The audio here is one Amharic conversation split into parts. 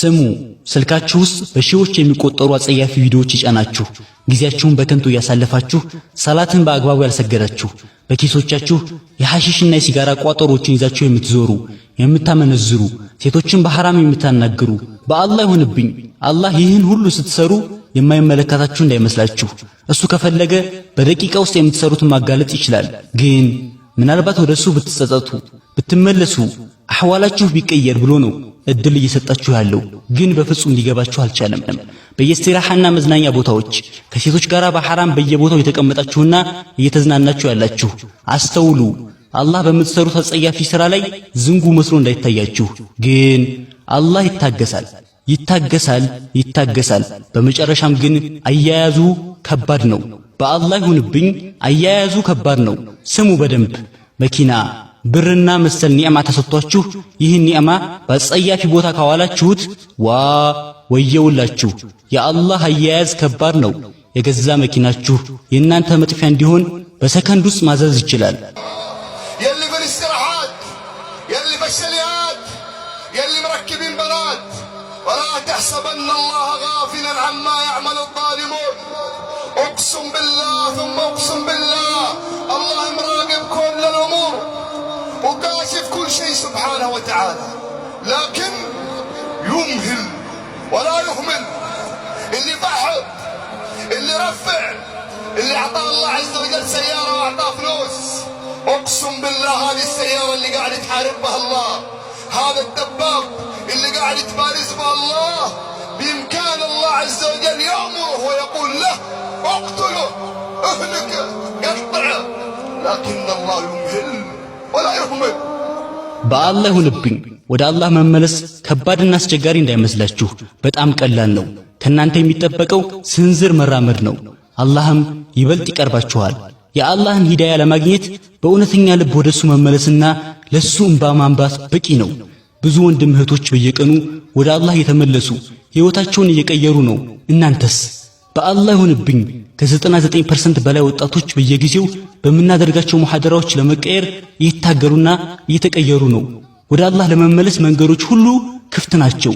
ስሙ ስልካችሁ ውስጥ በሺዎች የሚቆጠሩ አጸያፊ ቪዲዮዎች ይጫናችሁ ጊዜያችሁን በከንቱ እያሳለፋችሁ ሰላትን በአግባቡ ያልሰገዳችሁ በኪሶቻችሁ የሐሽሽና የሲጋራ ቋጠሮችን ይዛችሁ የምትዞሩ የምታመነዝሩ ሴቶችን በሐራም የምታናግሩ በአላህ ይሁንብኝ አላህ ይህን ሁሉ ስትሰሩ የማይመለከታችሁ እንዳይመስላችሁ እሱ ከፈለገ በደቂቃ ውስጥ የምትሰሩትን ማጋለጥ ይችላል ግን ምናልባት ወደ እሱ ብትጸጸቱ ብትመለሱ አሕዋላችሁ ቢቀየር ብሎ ነው እድል እየሰጣችሁ ያለው ግን በፍጹም ሊገባችሁ አልቻለም። በየስትራሃና መዝናኛ ቦታዎች ከሴቶች ጋር በሐራም በየቦታው እየተቀመጣችሁና እየተዝናናችሁ ያላችሁ አስተውሉ። አላህ በምትሰሩት አጸያፊ ሥራ ላይ ዝንጉ መስሎ እንዳይታያችሁ። ግን አላህ ይታገሳል፣ ይታገሳል፣ ይታገሳል። በመጨረሻም ግን አያያዙ ከባድ ነው። በአላህ ይሁንብኝ፣ አያያዙ ከባድ ነው። ስሙ በደንብ መኪና ብርና መሰል ኒዕማ ተሰጥቷችሁ ይህን ኒዕማ በአጸያፊ ቦታ ካዋላችሁት ዋ ወየውላችሁ። የአላህ አያያዝ ከባድ ነው። የገዛ መኪናችሁ የእናንተ መጥፊያ እንዲሆን በሰከንድ ውስጥ ማዘዝ ይችላል። كل شيء سبحانه وتعالى لكن يمهل ولا يهمل اللي ضحى اللي رفع اللي اعطاه الله عز وجل سياره واعطاه فلوس اقسم بالله هذه السياره اللي قاعد يتحارب بها الله هذا الدباب اللي قاعد يتبارز بها الله بامكان الله عز وجل يامره ويقول له اقتله اهلكه قطعه لكن الله يمهل ولا يهمل በአላህ ይሁንብኝ። ወደ አላህ መመለስ ከባድና አስቸጋሪ እንዳይመስላችሁ፣ በጣም ቀላል ነው። ከናንተ የሚጠበቀው ስንዝር መራመድ ነው። አላህም ይበልጥ ይቀርባችኋል። የአላህን ሂዳያ ለማግኘት በእውነተኛ ልብ ወደሱ መመለስና ለሱ እንባ ማንባት በቂ ነው። ብዙ ወንድም እህቶች በየቀኑ ወደ አላህ እየተመለሱ ሕይወታቸውን እየቀየሩ ነው። እናንተስ? በአላህ ይሁንብኝ ከ99% በላይ ወጣቶች በየጊዜው በምናደርጋቸው መሐደራዎች ለመቀየር እየታገሉና እየተቀየሩ ነው። ወደ አላህ ለመመለስ መንገዶች ሁሉ ክፍት ናቸው።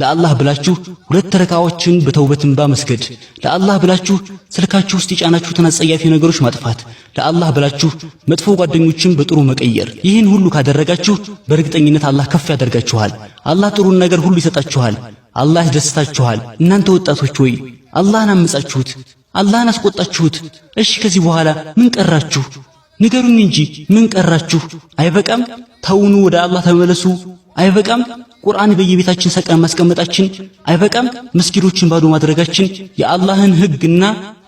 ለአላህ ብላችሁ ሁለት ረካዎችን በተውበት እንባ መስገድ፣ ለአላህ ብላችሁ ስልካችሁ ውስጥ የጫናችሁትን አጸያፊ ነገሮች ማጥፋት፣ ለአላህ ብላችሁ መጥፎ ጓደኞችን በጥሩ መቀየር። ይህን ሁሉ ካደረጋችሁ በእርግጠኝነት አላህ ከፍ ያደርጋችኋል። አላህ ጥሩን ነገር ሁሉ ይሰጣችኋል። አላህ ያስደስታችኋል። እናንተ ወጣቶች ወይ አላህን አመጻችሁት፣ አላህን አስቆጣችሁት። እሺ ከዚህ በኋላ ምን ቀራችሁ? ንገሩኝ እንጂ ምን ቀራችሁ? አይበቃም? ተውኑ፣ ወደ አላህ ተመለሱ። አይበቃም? ቁርአን በየቤታችን ሰቅለን ማስቀመጣችን አይበቃም? መስጊዶችን ባዶ ማድረጋችን የአላህን ህግና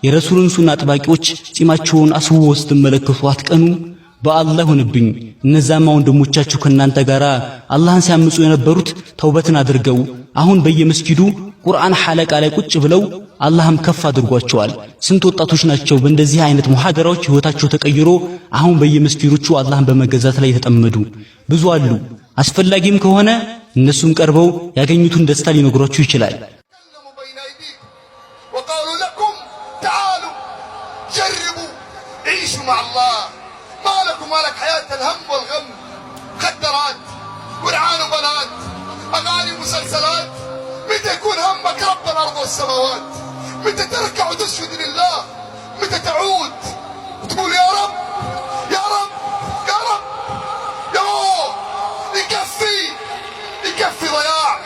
የረሱልን ሱና አጥባቂዎች ጺማቸውን አስውበው ስትመለከቱ አትቀኑ። በአላህ ሆንብኝ እነዛማ ወንድሞቻችሁ ከእናንተ ጋር አላህን ሲያምፁ የነበሩት ተውበትን አድርገው አሁን በየመስጊዱ ቁርአን ሐለቃ ላይ ቁጭ ብለው አላህም ከፍ አድርጓቸዋል። ስንት ወጣቶች ናቸው በእንደዚህ አይነት ሙሐደራዎች ህይወታቸው ተቀይሮ አሁን በየመስጊዶቹ አላህን በመገዛት ላይ የተጠመዱ ብዙ አሉ። አስፈላጊም ከሆነ እነሱም ቀርበው ያገኙትን ደስታ ሊነግሯችሁ ይችላል። الهم والغم مخدرات ورعان وبنات اغاني ومسلسلات متى يكون همك رب الارض والسماوات متى تركع وتسجد لله متى تعود وتقول يا رب يا رب يا رب يا رب يكفي يكفي ضياع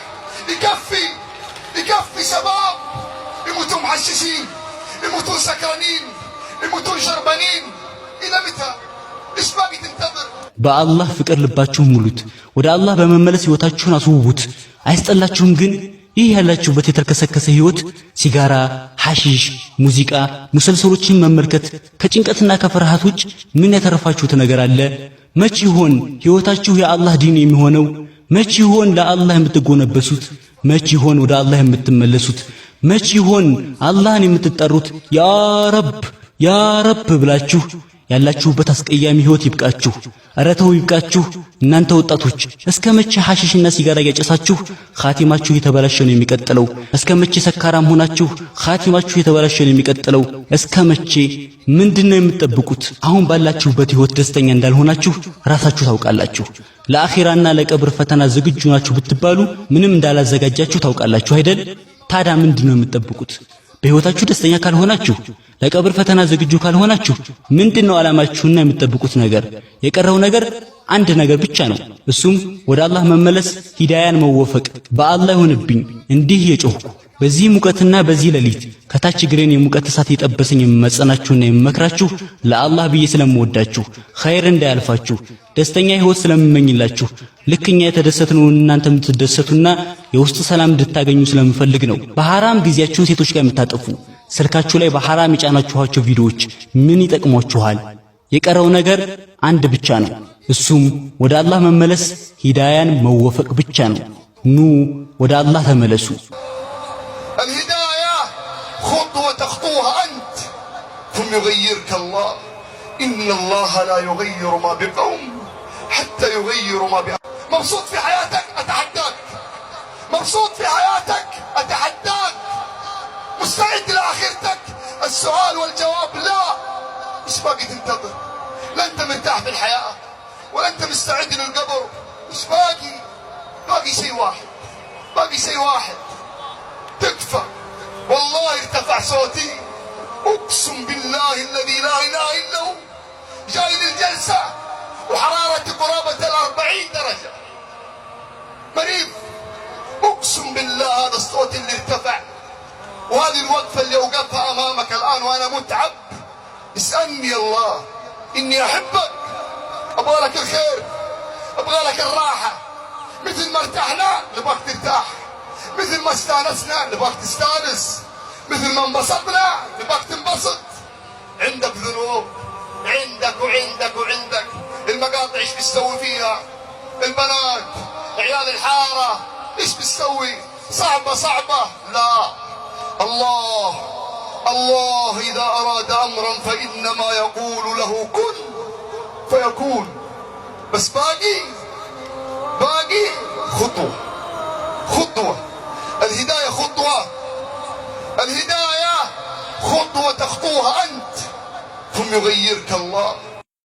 يكفي يكفي شباب يموتوا محششين يموتوا سكرانين يموتوا شربانين الى متى؟ ايش باقي تنتظر؟ በአላህ ፍቅር ልባችሁን ሙሉት። ወደ አላህ በመመለስ ህይወታችሁን አስውቡት። አይስጠላችሁም ግን ይህ ያላችሁበት የተከሰከሰ ህይወት ሲጋራ፣ ሐሺሽ፣ ሙዚቃ፣ ሙሰልሰሎችን መመልከት ከጭንቀትና ከፍርሃት ውጭ ምን ያተረፋችሁት ነገር አለ? መቼ ይሆን ህይወታችሁ የአላህ ዲን የሚሆነው? መቼ ይሆን ለአላህ የምትጎነበሱት? መቼ ይሆን ወደ አላህ የምትመለሱት? መቼ ይሆን አላህን የምትጠሩት? ያ ረብ ያ ረብ ብላችሁ ያላችሁበት አስቀያሚ ህይወት ይብቃችሁ። ኧረ ተው ይብቃችሁ። እናንተ ወጣቶች እስከ መቼ ሐሽሽና ሲጋራ እያጨሳችሁ ኻቲማችሁ የተበላሸ ነው የሚቀጥለው? እስከ መቼ ሰካራም ሆናችሁ ኻቲማችሁ የተበላሸ ነው የሚቀጥለው? እስከ መቼ ምንድነው የምትጠብቁት? አሁን ባላችሁበት ህይወት ደስተኛ እንዳልሆናችሁ ራሳችሁ ታውቃላችሁ። ለአኺራና ለቀብር ፈተና ዝግጁ ናችሁ ብትባሉ ምንም እንዳላዘጋጃችሁ ታውቃላችሁ አይደል? ታዳ ምንድነው የምትጠብቁት? በህይወታችሁ ደስተኛ ካልሆናችሁ፣ ለቀብር ፈተና ዝግጁ ካልሆናችሁ ምንድን ነው ዓላማችሁና የምትጠብቁት ነገር? የቀረው ነገር አንድ ነገር ብቻ ነው። እሱም ወደ አላህ መመለስ፣ ሂዳያን መወፈቅ። በአላህ ይሆንብኝ እንዲህ የጮህኩ በዚህ ሙቀትና በዚህ ሌሊት ከታች እግሬን የሙቀት እሳት የጠበሰኝ የምመጸናችሁና የምመክራችሁ ለአላህ ብዬ ስለምወዳችሁ ኸይር እንዳያልፋችሁ ደስተኛ ህይወት ስለምመኝላችሁ ልክኛ የተደሰትነውን እናንተ የምትደሰቱና የውስጥ ሰላም እንድታገኙ ስለምፈልግ ነው። በሐራም ጊዜያችሁን ሴቶች ጋር የምታጠፉ ስልካችሁ ላይ በሐራም የጫናችኋቸው ቪዲዮዎች ምን ይጠቅሟችኋል? የቀረው ነገር አንድ ብቻ ነው። እሱም ወደ አላህ መመለስ ሂዳያን መወፈቅ ብቻ ነው። ኑ ወደ አላህ ተመለሱ። الهداية خطوة تخطوها أنت ثم يغيرك الله إن الله لا يغير ما بقوم حتى يغيروا ما بقوم مبسوط في حياتك أتحداك مبسوط في حياتك أتحداك مستعد لآخرتك السؤال والجواب لا مش باقي تنتظر لا أنت مرتاح في الحياة ولا أنت مستعد للقبر مش باقي باقي شيء واحد باقي شيء واحد والله ارتفع صوتي اقسم بالله الذي لا اله الا هو جاي للجلسه وحرارتي قرابه الأربعين درجه مريض اقسم بالله هذا الصوت اللي ارتفع وهذه الوقفه اللي اوقفها امامك الان وانا متعب اسالني الله اني احبك ابغى لك الخير ابغى لك الراحه مثل ما ارتحنا نبغاك ترتاح مثل ما استانسنا نبغاك تستانس مثل ما انبسطنا نبغاك تنبسط عندك ذنوب عندك وعندك وعندك المقاطع ايش بتسوي فيها البنات عيال الحارة ايش بتسوي صعبة صعبة لا الله الله إذا أراد أمرا فإنما يقول له كن فيكون بس باقي باقي خطوة خطوة الهداية خطوة الهداية خطوة تخطوها أنت ثم يغيرك الله